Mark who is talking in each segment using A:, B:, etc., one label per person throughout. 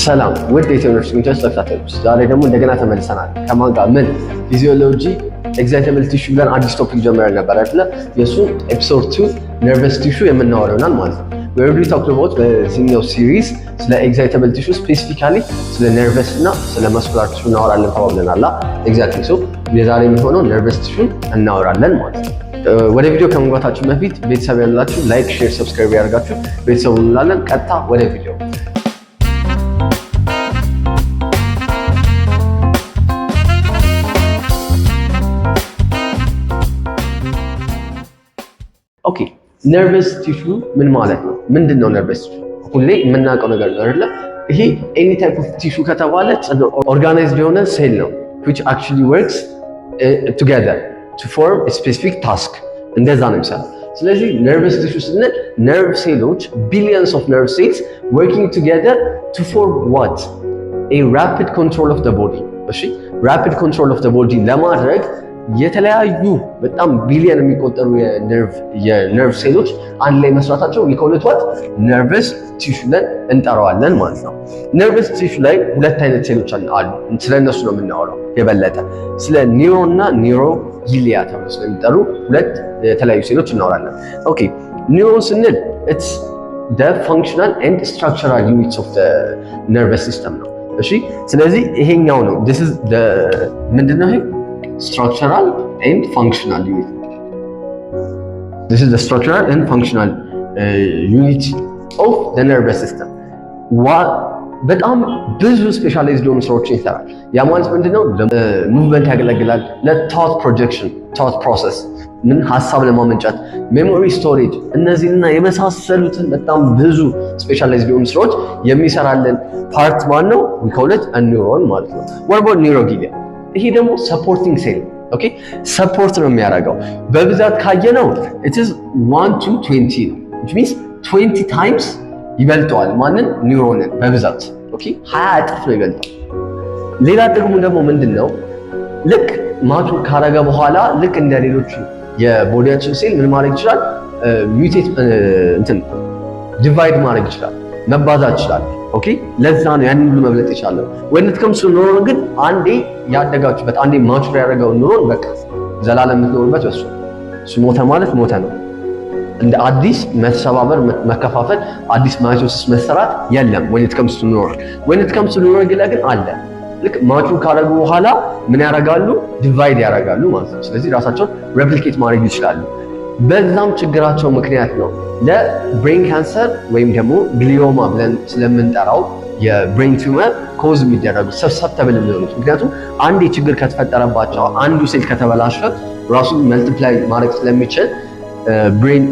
A: ሰላም ውድ የቴዎሎጂ ጥቅምቶች ተከታታዮች፣ ዛሬ ደግሞ እንደገና ተመልሰናል። ከማን ጋር ምን ፊዚዮሎጂ ኤግዛይተብል ቲሹ ብለን አዲስ ቶፒክ ጀምረን ነበር አይደለ? የእሱ ኤፒሶድ ቱ ነርቨስ ቲሹ የምናወራው ይሆናል ማለት ነው። ወርዱ ታክሎቦት በዚህኛው ሲሪዝ ስለ ኤግዛይተብል ቲሹ ስፔሲፊካሊ ስለ ነርቨስ እና ስለ መስኩላር ቲሹ እናወራለን ተባብለናል። ኤግዛክትሊ ሶ የዛሬ የሚሆነው ነርቨስ ቲሹን እናወራለን ማለት ነው። ወደ ቪዲዮ ከመግባታችን በፊት ቤተሰብ ያላችሁ ላይክ፣ ሼር፣ ሰብስክራይብ ያደርጋችሁ ቤተሰቡ እንላለን። ቀጥታ ወደ ቪዲዮ ኦኬ ነርቨስ ቲሹ ምን ማለት ነው? ምንድን ነው ነርቨስ ቲሹ? ሁሌ የምናውቀው ነገር ነው አይደለ? ይሄ ኤኒ ታይፕ ኦፍ ቲሹ ከተባለ ኦርጋናይዝድ የሆነ ሴል ነው which actually works uh, together to form a specific task እንደዛ ነው የሚሰራው። ስለዚህ ነርቨስ ቲሹ ስንል ነርቭ ሴሎች ቢሊየንስ ኦፍ ነርቭ ሴልስ working together to form what a rapid control of the body እሺ፣ rapid control of the body ለማድረግ የተለያዩ በጣም ቢሊየን የሚቆጠሩ የነርቭ ሴሎች አንድ ላይ መስራታቸው የከሁለት ዋት ነርቭስ ቲሹ ለን እንጠራዋለን ማለት ነው። ነርቭስ ቲሹ ላይ ሁለት አይነት ሴሎች አሉ። ስለ እነሱ ነው የምናወራው የበለጠ ስለ ኒሮ እና ኒሮ ጊሊያ ተብሎ ስለሚጠሩ ሁለት የተለያዩ ሴሎች እናወራለን። ኦኬ ኒሮ ስንል ኢትስ ደ ፋንክሽናል ኤንድ ስትራክቸራል ዩኒትስ ኦፍ ነርቨስ ሲስተም ነው። እሺ ስለዚህ ይሄኛው ነው ምንድነው ይሄ structural and functional unit this is the structural and functional uh, unit of the nervous system በጣም ብዙ ስፔሻላይዝድ የሆኑ ስራዎችን ይሰራል። ያ ማለት ምንድነው? ሙቭመንት uh, ያገለግላል፣ ለታውት ፕሮጀክሽን፣ ታውት ፕሮሰስ ምን ሀሳብ ለማመንጨት፣ ሜሞሪ ስቶሬጅ፣ እነዚህና የመሳሰሉትን በጣም ብዙ ስፔሻላይዝድ የሆኑ ስራዎች የሚሰራልን ፓርት ማን ነው? ከሁለት ኒውሮን ማለት ነው። ወርቦ ኒውሮጊሊያ ይሄ ደግሞ ሰፖርቲንግ ሴል ኦኬ ሰፖርት ነው የሚያደርገው። በብዛት ካየነው ኢት ኢዝ 1 ቱ 20 ነው which means 20 ታይምስ ይበልጠዋል ማንን ኒውሮንን በብዛት ኦኬ 20 እጥፍ ነው ይበልጠዋል። ሌላ ጥቅሙ ደግሞ ምንድን ነው? ልክ ማቱ ካረገ በኋላ ልክ እንደ ሌሎቹ የቦዲያችን ሴል ምን ማድረግ ይችላል? ሚውቴት እንትን ዲቫይድ ማድረግ ይችላል። መባዛት ይችላል። ኦኬ ለዛ ነው ያንን መብለጥ ይችላል። ወይነት ከምሱ ኑሮ ግን አንዴ ያደጋችሁበት አንዴ ማቹር ያደረገውን ኑሮ በቃ ዘላለም የምትኖሩበት በሱ እሱ ሞተ ማለት ሞተ ነው። እንደ አዲስ መሰባበር፣ መከፋፈል፣ አዲስ ማቾስ መሰራት የለም። ወይነት ከምሱ ኑሮ ወይነት ከምሱ ኑሮ ግን አለ። ልክ ማቹ ካደረጉ በኋላ ምን ያደርጋሉ? ዲቫይድ ያደርጋሉ ማለት ነው። ስለዚህ ራሳቸውን ሬፕሊኬት ማድረግ ይችላሉ። በዛም ችግራቸው ምክንያት ነው ለብሬን ካንሰር ወይም ደግሞ ግሊዮማ ብለን ስለምንጠራው የብሬን ቱመር ኮዝ የሚደረጉ ሰብሰብተብል የሚሆኑት። ምክንያቱም አንድ ችግር ከተፈጠረባቸው አንዱ ሴል ከተበላሸ ራሱ መልቲፕላይ ማድረግ ስለሚችል ብሬን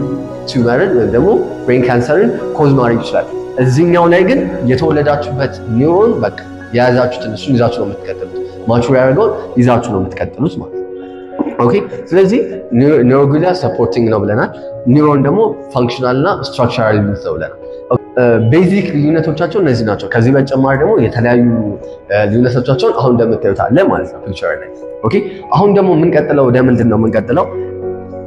A: ቱመርን ወይም ደግሞ ብሬን ካንሰርን ኮዝ ማድረግ ይችላል። እዚህኛው ላይ ግን የተወለዳችሁበት ኒውሮን በቃ የያዛችሁትን እሱን ይዛችሁ ነው የምትቀጥሉት። ማቹር ያደርገውን ይዛችሁ ነው የምትቀጥሉት ማለት ነው። ኦኬ ስለዚህ ኒውሮግሊያ ሰፖርቲንግ ነው ብለናል። ኒውሮን ደግሞ ፋንክሽናል እና ስትራክቸራል ዩኒት ነው ብለናል። ቤዚክ ልዩነቶቻቸው እነዚህ ናቸው። ከዚህ በተጨማሪ ደግሞ የተለያዩ ልዩነቶቻቸውን አሁን እንደምታዩት አለ ማለት ነው ፒክቸር ላይ። ኦኬ አሁን ደግሞ የምንቀጥለው ወደ ምንድን ነው የምንቀጥለው?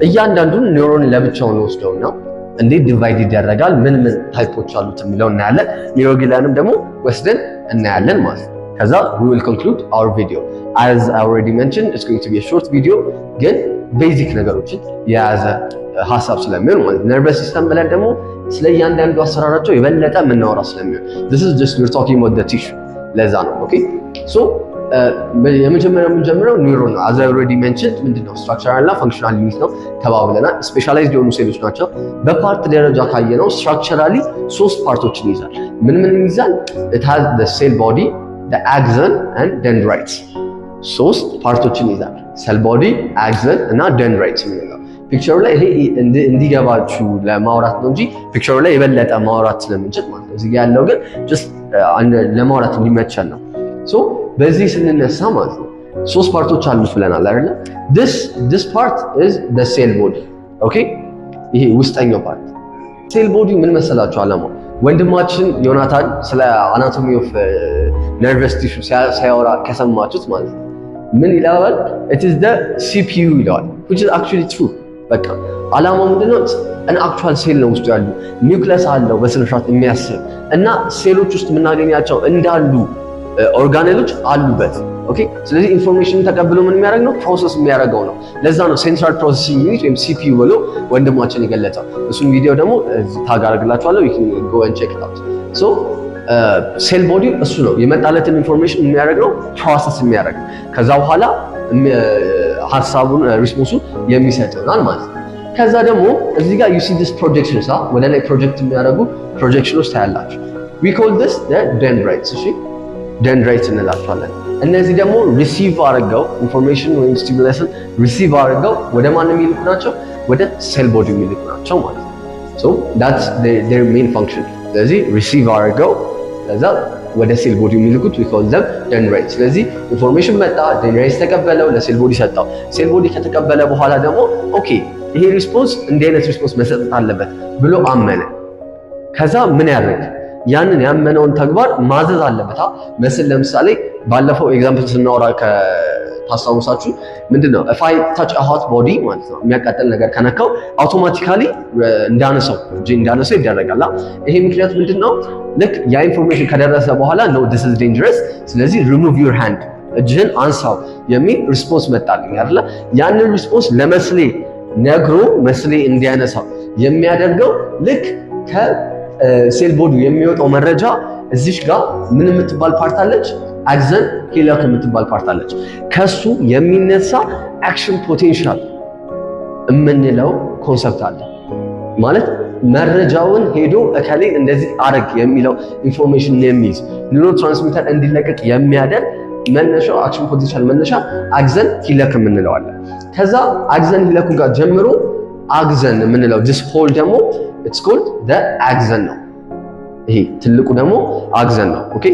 A: እያንዳንዱን ኒውሮን ለብቻውን ነው እንዴት ዲቫይድ ይደረጋል፣ ምን ምን ታይፖች አሉት የሚለው እናያለን። ኒውሮግሊያንም ደግሞ ወስደን እናያለን ማለት ነው። ከዛ we will conclude our video as I already mentioned it's going to be a short video ግን ቤዚክ ነገሮችን የያዘ uh, ሀሳብ ስለሚሆን ማለት ነርቨስ ሲስተም ብለን ደግሞ ስለ እያንዳንዱ አሰራራቸው የበለጠ የምናወራ ስለሚሆን this is just we're talking about the tissue ለዛ ነው ኦኬ ሶ uh, የመጀመሪያ የምንጀምረው ኒውሮን ነው። አዝ ኦልሬዲ መንሽንድ ምንድነው ስትራክቸራል እና ፋንክሽናል ዩኒት ነው ተባብለናል። ስፔሻላይዝድ የሆኑ ሴሎች ናቸው። በፓርት ደረጃ ካየነው ስትራክቸራሊ ሶስት ፓርቶችን ይይዛል። ምን ምን ይይዛል? ኢት ሃዝ ዘ ሴል ቦዲ አግዘን ኤንድ ደንድራይትስ ሶስት ፓርቶችን ይዛል። ሰል ቦዲ፣ አግዘን እና ደንድራይትስ የሚለው ፒክቸሩ ላይ ይሄ እንዲገባችሁ ለማውራት ነው እንጂ ፒክቸሩ ላይ የበለጠ ማውራት ስለምንችል ማለት ነው። እዚህ ያለው ግን uh, ለማውራት እንዲመቸን ነው። ሶ በዚህ ስንነሳ ማለት ነው ሶስት ፓርቶች አሉት ብለናል አይደለ? this this part is the cell body okay ይሄ ውስጠኛው ፓርት ሴል ቦዲ ምን መሰላችሁ አላማው ወንድማችን ዮናታን ስለ አናቶሚ ኦፍ ነርቨስ ቲሹ ሲያወራ ከሰማችሁት ማለት ነው። ምን ይለዋል? ኢት ኢዝ ዘ ሲፒዩ ይለዋል። which is actually true በቃ አላማው ምንድነው? አን አክቹዋል ሴል ነው ውስጡ ያሉ ኒውክለስ አለው በስነ የሚያስብ እና ሴሎች ውስጥ የምናገኛቸው እንዳሉ ኦርጋኔሎች አሉበት። ኦኬ ስለዚህ ኢንፎርሜሽን ተቀብሎ ምን የሚያደርግ ነው ፕሮሰስ የሚያደርገው ነው። ለዛ ነው ሴንትራል ፕሮሰሲንግ ዩኒት ወይም ሲፒዩ ብሎ ወንድማችን የገለጸው። እሱን ቪዲዮ ደግሞ ታግ ዩ ካን ጎ ኤንድ ቼክ ኢት አውት ሶ ሴል ቦዲ እሱ ነው የመጣለትን ኢንፎርሜሽን የሚያደርግ ነው ፕሮሰስ የሚያደርግ ከዛ በኋላ ሀሳቡን ሪስፖንሱ የሚሰጥ ይሆናል ማለት ነው። ከዛ ደግሞ እዚህ ጋር ዩሲ ዲስ ሳ ወደ ላይ ፕሮጀክት የሚያደርጉ ፕሮጀክሽኖች ታያላችሁ። ዊ ኮል ዲስ ደንድራይትስ እሺ፣ ደንድራይትስ እንላቸዋለን። እነዚህ ደግሞ ሪሲቭ አድርገው ኢንፎርሜሽን ወይም ስቲሙለስን ሪሲቭ አድርገው ወደ ማን የሚልኩ ናቸው? ወደ ሴል ቦዲ የሚልኩ ናቸው ማለት ነው። ሜን ፋንክሽን ስለዚህ ሪሲቭ አድርገው ከዛ ወደ ሴል ቦዲ የሚልኩት ዊኮል ዘም ደንድራይት። ስለዚህ ኢንፎርሜሽን መጣ፣ ደንድራይት ተቀበለው፣ ለሴል ቦዲ ሰጠው። ሴል ቦዲ ከተቀበለ በኋላ ደግሞ ኦኬ ይሄ ሪስፖንስ እንዲህ አይነት ሪስፖንስ መሰጠት አለበት ብሎ አመነ። ከዛ ምን ያደርግ? ያንን ያመነውን ተግባር ማዘዝ አለበት። መስል ለምሳሌ ባለፈው ኤግዛምፕል ስናወራ ታስታውሳችሁ ምንድነው ፋይ ታች ሆት ቦዲ ማለት ነው። የሚያቃጥል ነገር ከነካው አውቶማቲካሊ እንዳነሰው እጅ እንዳነሰው ይደረጋል። ይሄ ምክንያቱ ምንድነው? ልክ ያ ኢንፎርሜሽን ከደረሰ በኋላ ነው ዲስ ኢዝ ዴንጀረስ፣ ስለዚህ ሪሙቭ ዩር ሃንድ እጅህን አንሳው የሚል ሪስፖንስ መጣልኝ አይደለ? ያንን ሪስፖንስ ለመስሌ ነግሮ መስሌ እንዲያነሳው የሚያደርገው ልክ ከሴል ቦዲ uh, የሚወጣው መረጃ እዚሽ ጋር ምን የምትባል ፓርት አለች አግዘን ሄለክ የምትባል ፓርት አለች። ከሱ የሚነሳ አክሽን ፖቴንሻል የምንለው ኮንሰፕት አለ ማለት መረጃውን ሄዶ እከሌ እንደዚህ አረግ የሚለው ኢንፎርሜሽን የሚይዝ ኒውሮ ትራንስሚተር እንዲለቀቅ የሚያደርግ መነሻው አክሽን ፖቴንሻል መነሻ አግዘን ሂለክ የምንለው ከዛ አግዘን ሂለኩ ጋር ጀምሮ አግዘን የምንለው ዲስ ሆል ደግሞ ኢትስ ኮልድ አግዘን ነው። ይሄ ትልቁ ደግሞ አግዘን ነው። ኦኬ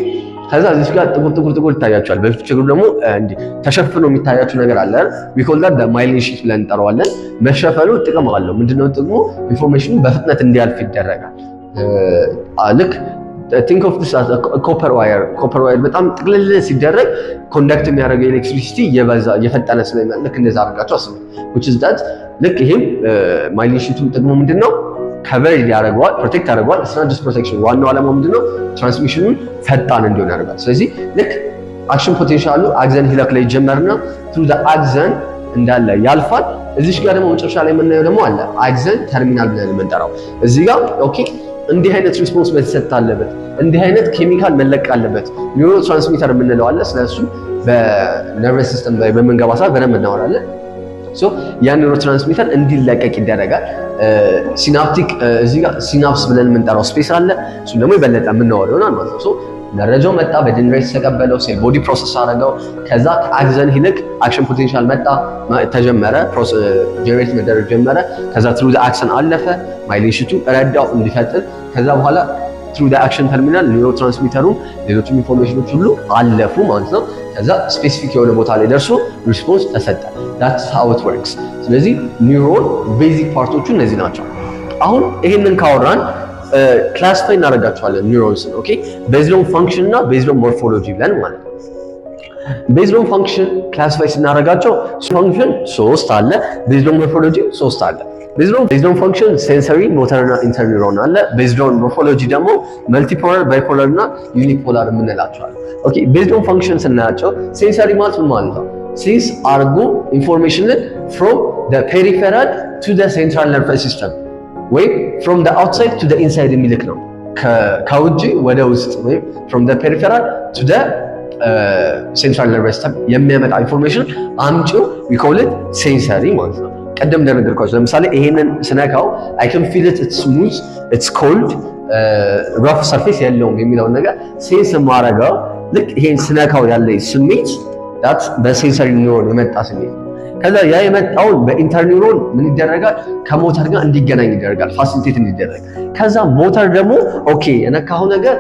A: ከዛ እዚህ ጋር ጥቁር ጥቁር ጥቁር ይታያቸዋል። በፊት ችግሩ ደግሞ ተሸፍኖ የሚታያቸው ነገር አለ። ዊ ኮል ዳት ማይሊን ሺት ብለን እንጠራዋለን። መሸፈኑ ጥቅም አለው። ምንድነው ጥቅሙ? ኢንፎርሜሽኑ በፍጥነት እንዲያልፍ ይደረጋል። ልክ ቲንክ ኦፍ ኮፐር ዋየር ኮፐር ዋየር በጣም ጥቅልል ሲደረግ ኮንዳክት የሚያደርገው ኤሌክትሪሲቲ የፈጠነ ስለሚመጣ ልክ እንደዛ አድርጋቸው አስቡ። ልክ ይሄም ማይሊን ሺቱ ጥቅሙ ነው? ከቨር ያደርገዋል፣ ፕሮቴክት ያደርገዋል። ስና ጀስት ፕሮቴክሽን ዋናው ዓላማው ምንድነው? ትራንስሚሽኑን ፈጣን እንዲሆን ያደርጋል። ስለዚህ ልክ አክሽን ፖቴንሻሉ አግዘን ሂላክ ላይ ይጀመርና ትሩ አግዘን እንዳለ ያልፋል። እዚሽ ጋር ደግሞ መጨረሻ ላይ የምናየው ደግሞ አለ አግዘን ተርሚናል ብለን የምንጠራው እዚህ ጋር ኦኬ እንዲህ አይነት ሪስፖንስ መሰጠት አለበት፣ እንዲህ አይነት ኬሚካል መለቅ አለበት። ኒውሮ ትራንስሚተር የምንለው አለ። ስለሱ በነርቨስ ሲስተም ላይ በምንገባ ሰዓት በደንብ እናወራለን። ያ ኒውሮ ትራንስሚተር እንዲለቀቅ ይደረጋል። ሲናፕቲክ እዚህ ጋር ሲናፕስ ብለን የምንጠራው ስፔስ አለ። እሱ ደግሞ የበለጠ የምናወራው ይሆናል ማለት ነው። መረጃው መጣ፣ በድን ተቀበለው፣ ሴል ቦዲ ፕሮሰስ አደረገው። ከዛ ከአክዘን ይልቅ አክሽን ፖቴንሻል መጣ፣ ተጀመረ፣ ጀነሬት መደረግ ጀመረ። ከዛ ትሩ አክሰን አለፈ፣ ማይሌሽቱ ረዳው እንዲፈጥን። ከዛ በኋላ ትሩ አክሽን ተርሚናል ኒውሮ ትራንስሚተሩ፣ ሌሎችም ኢንፎርሜሽኖች ሁሉ አለፉ ማለት ነው። ከዛ ስፔሲፊክ የሆነ ቦታ ላይ ደርሶ ሪስፖንስ ተሰጠ። ዳትስ ሃው ኢት ወርክስ። ስለዚህ ኒውሮን ቤዚክ ፓርቶቹ እነዚህ ናቸው። አሁን ይሄንን ካወራን ክላሲፋይ እናደርጋቸዋለን ኒውሮንስን። ኦኬ ቤዝሎን ፋንክሽን እና ቤዝሎን ሞርፎሎጂ ብለን ማለት ነው። ቤዝሎን ፋንክሽን ክላሲፋይ ስናደርጋቸው ፋንክሽን ሶስት አለ፣ ቤዝሎን ሞርፎሎጂ ሶስት አለ። ቤዝዶን ቤዝዶን ፋንክሽን ሴንሰሪ ሞተርና ኢንተርኒሮን አለ። ቤዝዶን ሞርፎሎጂ ደግሞ መልቲፖላር ባይፖላር እና ዩኒፖላር የምንላቸዋል። ኦኬ ቤዝዶን ፋንክሽን ስናያቸው ሴንሰሪ ማለት ማለት ነው? ሴንስ አርጎ ኢንፎርሜሽንን ፍሮም ደ ፔሪፌራል ቱ ደ ሴንትራል ነርቨስ ሲስተም ወይም ፍሮም ደ አውትሳይድ ቱ ደ ኢንሳይድ የሚልክ ነው። ከውጭ ወደ ውስጥ ወይም ፍሮም ደ ፔሪፌራል ቱ ደ ሴንትራል ነርቨስ ሲስተም የሚያመጣ ኢንፎርሜሽን አምጪው ዊኮልት ሴንሰሪ ማለት ነው። ቀደም እንደነገርኳቸው ለምሳሌ ይሄንን ስነካው አይ ካን ፊል ኢት ስሙዝ ኢትስ ኮልድ ራፍ ሰርፌስ የለውም የሚለውን ነገር ሴንስ ማረጋው ልክ ይሄን ስነካው ያለ ስሜት ዳት በሴንሰሪ ኒውሮን የመጣ ስሜት ከዛ ያ የመጣውን በኢንተር ኒውሮን ምን ይደረጋል? ከሞተር ጋር እንዲገናኝ ይደረጋል፣ ፋሲሊቴት እንዲደረግ። ከዛ ሞተር ደግሞ ኦኬ የነካው ነገር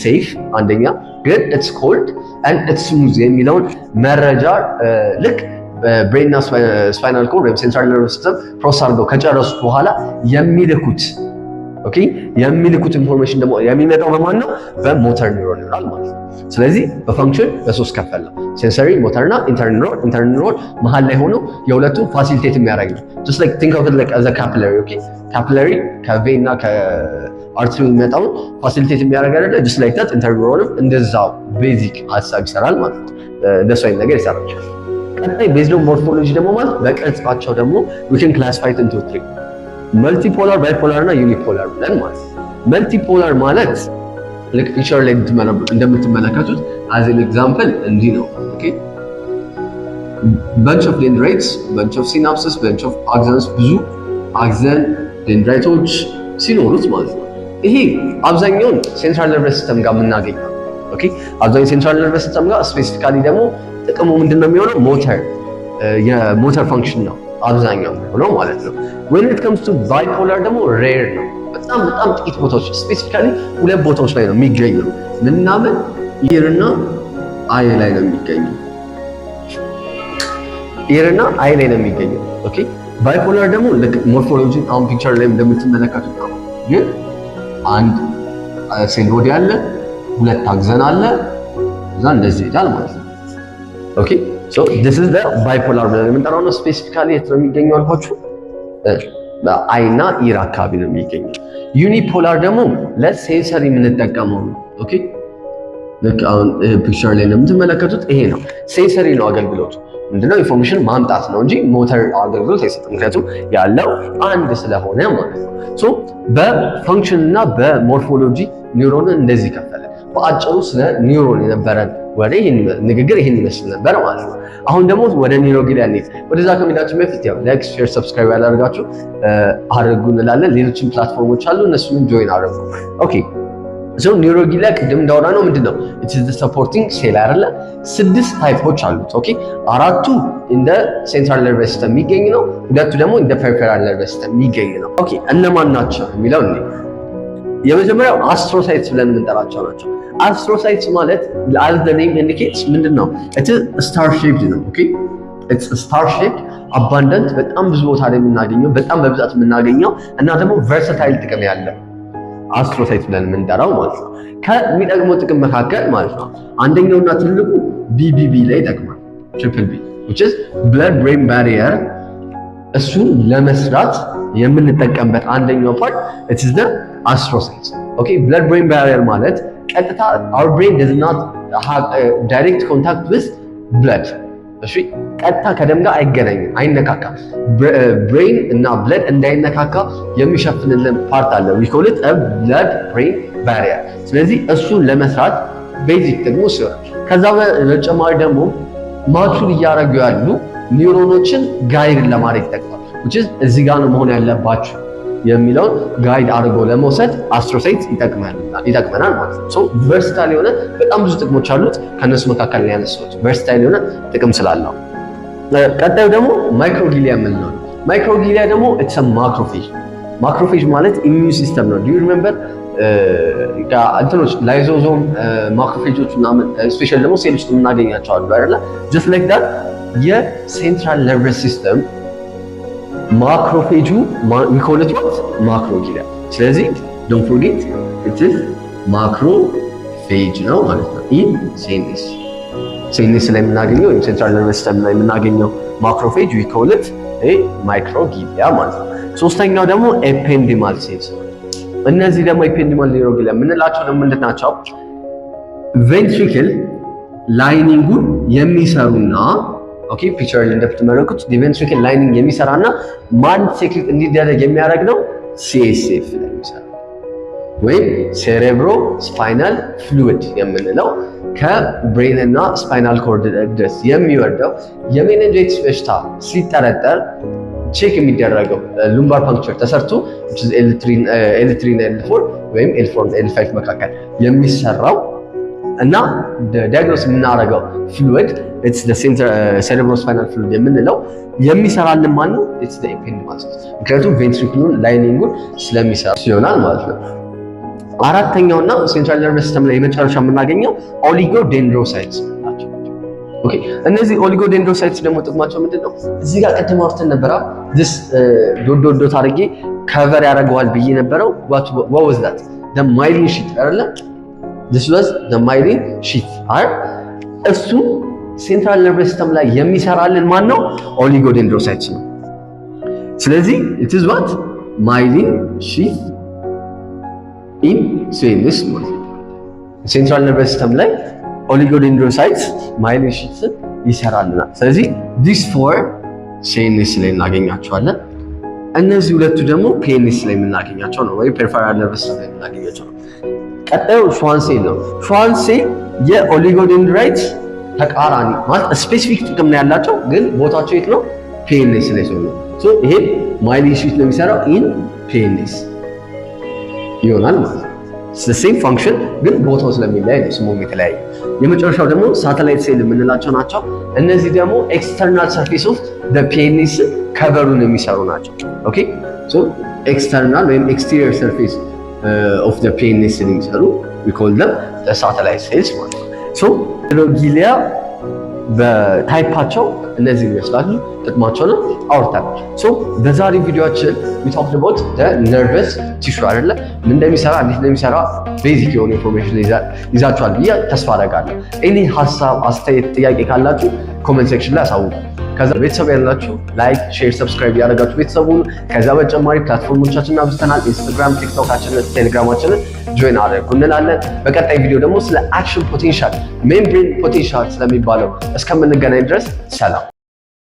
A: ሴፍ አንደኛ፣ ግን ኢትስ ኮልድ ኤንድ ኢትስ ስሙዝ የሚለውን መረጃ uh, ልክ ብሬንና ስፓይናል ኮርድ ወይም ሴንትራል ነርቭ ሲስተም ፕሮሰስ አድርገው ከጨረሱት በኋላ የሚልኩት ኦኬ የሚልኩት ኢንፎርሜሽን ደግሞ የሚመጣው በማን ነው? በሞተር ኒውሮን ይሆናል ማለት ነው። ስለዚህ በፋንክሽን በሶስት ከፈል ነው፣ ሴንሰሪ ሞተርና ኢንተር ኒውሮን። ኢንተር ኒውሮን መሀል ላይ ሆኖ የሁለቱ ፋሲሊቴት የሚያደርግ ነው። ጀስት ላይክ ቲንክ ኦፍ ኢት ላይክ አዝ አ ካፒላሪ ኦኬ። ካፒላሪ ከቬንና ከአርትሪ የሚመጣው ፋሲሊቴት የሚያደርግ አይደለ? ጀስት ላይክ ዳት ኢንተር ኒውሮንም እንደዛው ቤዚክ ሀሳብ ይሰራል ማለት ነው። እንደሱ አይነት ነገር ይሰራል። ቀጣይ ቤዝድ ሞርፎሎጂ ደግሞ ማለት በቅርጻቸው ደግሞ ዊ ካን ክላሲፋይ ኢንቱ ትሪ መልቲፖላር፣ ባይፖላር እና ዩኒፖላር ብለን ማለት። መልቲፖላር ማለት ልክ ፊቸር ላይ እንደምትመለከቱት አዝ አን ኤግዛምፕል እንዲህ ነው። ኦኬ በንች ኦፍ ዴንድራይትስ፣ በንች ኦፍ ሲናፕስስ፣ በንች ኦፍ አክሰንስ ብዙ አክሰን ዴንድራይቶች ሲኖሩት ማለት ነው። ይሄ አብዛኛውን ሴንትራል ነርቨስ ሲስተም ጋር የምናገኘው ኦኬ አብዛኛው ሴንትራል ነርቨስ ሲስተም ጋር ስፔሲፊካሊ ደግሞ ጥቅሙ ምንድነው የሚሆነው? ሞተር የሞተር ፋንክሽን ነው አብዛኛው የሚሆነው ማለት ነው። ዌን ኢት ከምስ ቱ ባይፖላር ደግሞ ሬር ነው። በጣም በጣም ጥቂት ቦታዎች ስፔሲፊካሊ ሁለት ቦታዎች ላይ ነው የሚገኘው ምናምን ይርና አይ ላይ ነው የሚገኘው። ይርና አይ ላይ ነው የሚገኘው። ኦኬ ባይፖላር ደግሞ ሞርፎሎጂ አሁን ፒክቸር ላይ እንደምትመለከቱ ነው። ግን አንድ ሴል ቦዲ አለ፣ ሁለት አግዘን አለ፣ እዛ እንደዚህ ይሄዳል ማለት ነው። ኦኬ ሶ ዲስ ኢዝ ዘ ባይፖላር ብለን የምንጠራው ነው። ስፔሲፊካሊ የት ነው የሚገኘው አልኳችሁ? አይና ኢር አካባቢ ነው የሚገኘው። ዩኒፖላር ደግሞ ለሴንሰሪ የምንጠቀመው ነው። ኦኬ ልክ አሁን ፒክቸር ላይ እንደምትመለከቱት ይሄ ነው ሴንሰሪ ነው አገልግሎቱ ምንድነው ኢንፎርሜሽን ማምጣት ነው እንጂ ሞተር አገልግሎት አይሰጥም። ምክንያቱም ያለው አንድ ስለሆነ ማለት ነው። በፈንክሽን እና በሞርፎሎጂ ኒውሮንን እንደዚህ ከፈለ። በአጭሩ ስለ ኒውሮን የነበረን ወሬ ንግግር ይህን ይመስል ነበር ማለት ነው። አሁን ደግሞ ወደ ኒሮ ኒሮጊዳ እንሂድ። ወደዛ ከመሄዳችን በፊት ያው ላይክ፣ ሼር፣ ሰብስክራይብ ያላደርጋችሁ አድርጉ እንላለን። ሌሎችን ፕላትፎርሞች አሉ፣ እነሱንም ጆይን አድርጉ። ኦኬ ሰው ኒውሮጊሊያ ቅድም እንዳወራ ነው ምንድነው ኢት ኢዝ ዘ ሰፖርቲንግ ሴል አይደለ? ስድስት ታይፖች አሉት። ኦኬ አራቱ እንደ ሴንትራል ነርቨስ ሲስተም የሚገኝ ነው። ሁለቱ ደግሞ እንደ ፐሪፈራል ነርቨስ ሲስተም የሚገኝ ነው። ኦኬ እነማን ናቸው የሚለው የመጀመሪያው አስትሮሳይትስ ብለን የምንጠራቸው ናቸው። አስትሮሳይትስ ማለት አዝ ዘ ኢንዲኬትስ ምንድን ነው? ስታር ሼፕድ ነው። ኦኬ ስታር ሼፕድ አባንደንት፣ በጣም ብዙ ቦታ ላይ የምናገኘው በጣም በብዛት የምናገኘው እና ደግሞ ቨርሳታይል ጥቅም ያለው አስትሮሳይት ብለን የምንጠራው ማለት ነው። ከሚጠቅመው ጥቅም መካከል ማለት ነው አንደኛውና ትልቁ ቢቢቢ ላይ ይጠቅማል። ትሪፕል ቢ which is blood እሱን ለመስራት የምንጠቀምበት አንደኛው ፓርት it አስትሮሳይት ኦኬ ብለድ ብሬን ባሪየር ማለት ቀጥታ አር ብሬን ደዝ ናት ዳይሬክት ኮንታክት ዊዝ ብለድ እሺ ቀጥታ ከደም ጋር አይገናኝም፣ አይነካካም። ብሬን እና ብለድ እንዳይነካካ የሚሸፍንልን ፓርት አለ። ዊ ኮል ኢት ብለድ ብሬን ባሪየር። ስለዚህ እሱን ለመስራት ቤዚክ ጥቅሙ ሲሆን ከዛ በተጨማሪ ደግሞ ማቹል እያደረጉ ያሉ ኒውሮኖችን ጋይድ ለማድረግ ይጠቅማል። እዚህ ጋር ነው መሆን ያለባቸው። የሚለውን ጋይድ አድርጎ ለመውሰድ አስትሮሳይት ይጠቅመናል ማለት ነው። ቨርሲታይል የሆነ በጣም ብዙ ጥቅሞች አሉት። ከእነሱ መካከል ነው ያነሳሁት፣ ቨርሲታይል የሆነ ጥቅም ስላለው። ቀጣዩ ደግሞ ማይክሮጊሊያ የምንለው ማይክሮጊሊያ ደግሞ ኢትስ ማክሮፌጅ። ማክሮፌጅ ማለት ኢሚዩን ሲስተም ነው። ዲዩ ሪሜምበር እንትኖች ላይዞዞም ማክሮፌጆች ስፔሻል ደግሞ ሴሎች የምናገኛቸው አሉ አይደለ? ጀስት ላይክ ዳት የሴንትራል ነርቨስ ሲስተም ማክሮፌጁ ሚኮነት ወቅት ማክሮ ይላል። ስለዚህ ዶን ፎርጌት ኢትስ ማክሮ ፌጅ ነው ማለት ነው። ይህ ሴንስ ሴንስ ላይ የምናገኘው ወይም ሴንትራል ነርቭስ ሲስተም ላይ የምናገኘው ማክሮፌጅ ዊ ኮል ኢት ኤ ማይክሮግሊያ ማለት ነው። ሶስተኛው ደግሞ ኤፔንዲማል ሴንስ ነው። እነዚህ ደግሞ ኤፔንዲማል ኒውሮግሊያ የምንላቸው ደግሞ ምንድን ናቸው? ቬንትሪክል ላይኒንጉን የሚሰሩና ኦኬ ፒቸር ላይ እንደምትመለከቱት ዲቨንትሪክል ላይኒንግ የሚሰራና ማን ሴክሪት እንዲደረግ የሚያደርግ ነው። ሲኤስኤፍ ላይ የሚሰራ ወይም ሴሬብሮ ስፓይናል ፍሉድ የምንለው ከብሬን እና ስፓይናል ኮርድ ድረስ የሚወርደው የሜኒንጃይተስ በሽታ ሲጠረጠር ቼክ የሚደረገው ሉምባር ፓንክቸር ተሰርቶ ኤልትሪን ኤልፎር uh, ወይም ኤልፎር ኤልፋይፍ መካከል የሚሰራው እና ዳያግኖስ የምናደርገው ፍሉድ ኢትስ ዘ ሴሬብሮ ስፓይናል ፍሉድ የምንለው የሚሰራልን ማን ነው? ኢትስ ዘ ኢፔንድ ማለት ነው። ምክንያቱም ቬንትሪኩሉን ላይኒንጉን ስለሚሰራ ይሆናል ማለት ነው። አራተኛውና ሴንትራል ነርቭስ ሲስተም ላይ የመጨረሻ የምናገኘው ኦሊጎ ዴንድሮሳይትስ ናቸው። ኦኬ እነዚህ ኦሊጎ ዴንድሮሳይትስ ደግሞ ጥቅማቸው ምንድነው? እዚህ ጋር ቅድም አውርተን ነበራ ዲስ ዶዶ ዶት ዶት አድርጌ ከቨር ያደርገዋል ብዬ ነበረው። ዋት ዋዝ ዳት ዘ ማይሊን ሺት አይደለ? ዲስ ዋዝ ዘ ማይሊን ሺት አይደል? እሱ ሴንትራል ነርቨስ ሲስተም ላይ የሚሰራልን ማን ነው? ኦሊጎዴንድሮሳይት ነው። ስለዚህ ኢት ኢዝ ዋት ማይሊን ሺት ኢን ሴንስ ማለት ነው። ሴንትራል ነርቨስ ሲስተም ላይ ኦሊጎዴንድሮሳይት ማይሊን ሺትን ይሰራልናል። ስለዚህ ዲስ ፎር ሴንስ ላይ እናገኛቸዋለን። እነዚህ ሁለቱ ደግሞ ፔኒስ ላይ የምናገኛቸው ነው፣ ወይም ፐርፈራል ነርቭስ ላይ የምናገኛቸው ነው። ቀጣዩ ሹዋን ነው። ሹዋን ሴል የኦሊጎዴንድራይት ተቃራኒ ማለት ስፔሲፊክ ጥቅም ነው ያላቸው፣ ግን ቦታቸው የት ነው? ፔንስ ላይ ነው። ሶ ይሄ ማይሊን ስዊች ነው የሚሰራው ኢን ፔንስ ይሆናል ማለት ነው። ሴም ፋንክሽን ግን ቦታው ስለሚለያይ ነው ስሙ የተለያየ። የመጨረሻው ደግሞ ሳተላይት ሴል የምንላቸው ናቸው። እነዚህ ደግሞ ኤክስተርናል ሰርፌስ ኦፍ ፔንሌስ ከቨሩን የሚሰሩ ናቸው። ኦኬ ሶ ኤክስተርናል ወይም ኤክስቴሪየር ሰርፌስ ኦፍ ፔንሌስን የሚሰሩ ዊ ኮል ዘም ሳተላይት ሴልስ ማለት ነው። ሎጊሊያ በታይፓቸው እነዚህ ይመስላሉ። ጥቅማቸውን አውርታል። ሶ በዛሬ ቪዲዮችን የሚታክል ነርቨስ ቲሹ አይደለ ምን እንደሚሰራ እንዴት እንደሚሰራ ቤዚክ የሆነ ኢንፎርሜሽን ይዛችኋል ብዬ ተስፋ አደርጋለሁ። ኤኒ ሀሳብ፣ አስተያየት፣ ጥያቄ ካላችሁ ኮመንት ሴክሽን ላይ አሳውቁ። ከዛ ቤተሰብ ያላችሁ ላይክ፣ ሼር፣ ሰብስክራይብ ያደረጋችሁ ቤተሰቡን። ከዛ በተጨማሪ ፕላትፎርሞቻችን አብዝተናል። ኢንስታግራም፣ ቲክቶካችንን፣ ቴሌግራማችንን ጆይን አድርጉ እንላለን። በቀጣይ ቪዲዮ ደግሞ ስለ አክሽን ፖቴንሻል ሜምብሬን ፖቴንሻል ስለሚባለው እስከምንገናኝ ድረስ ሰላም።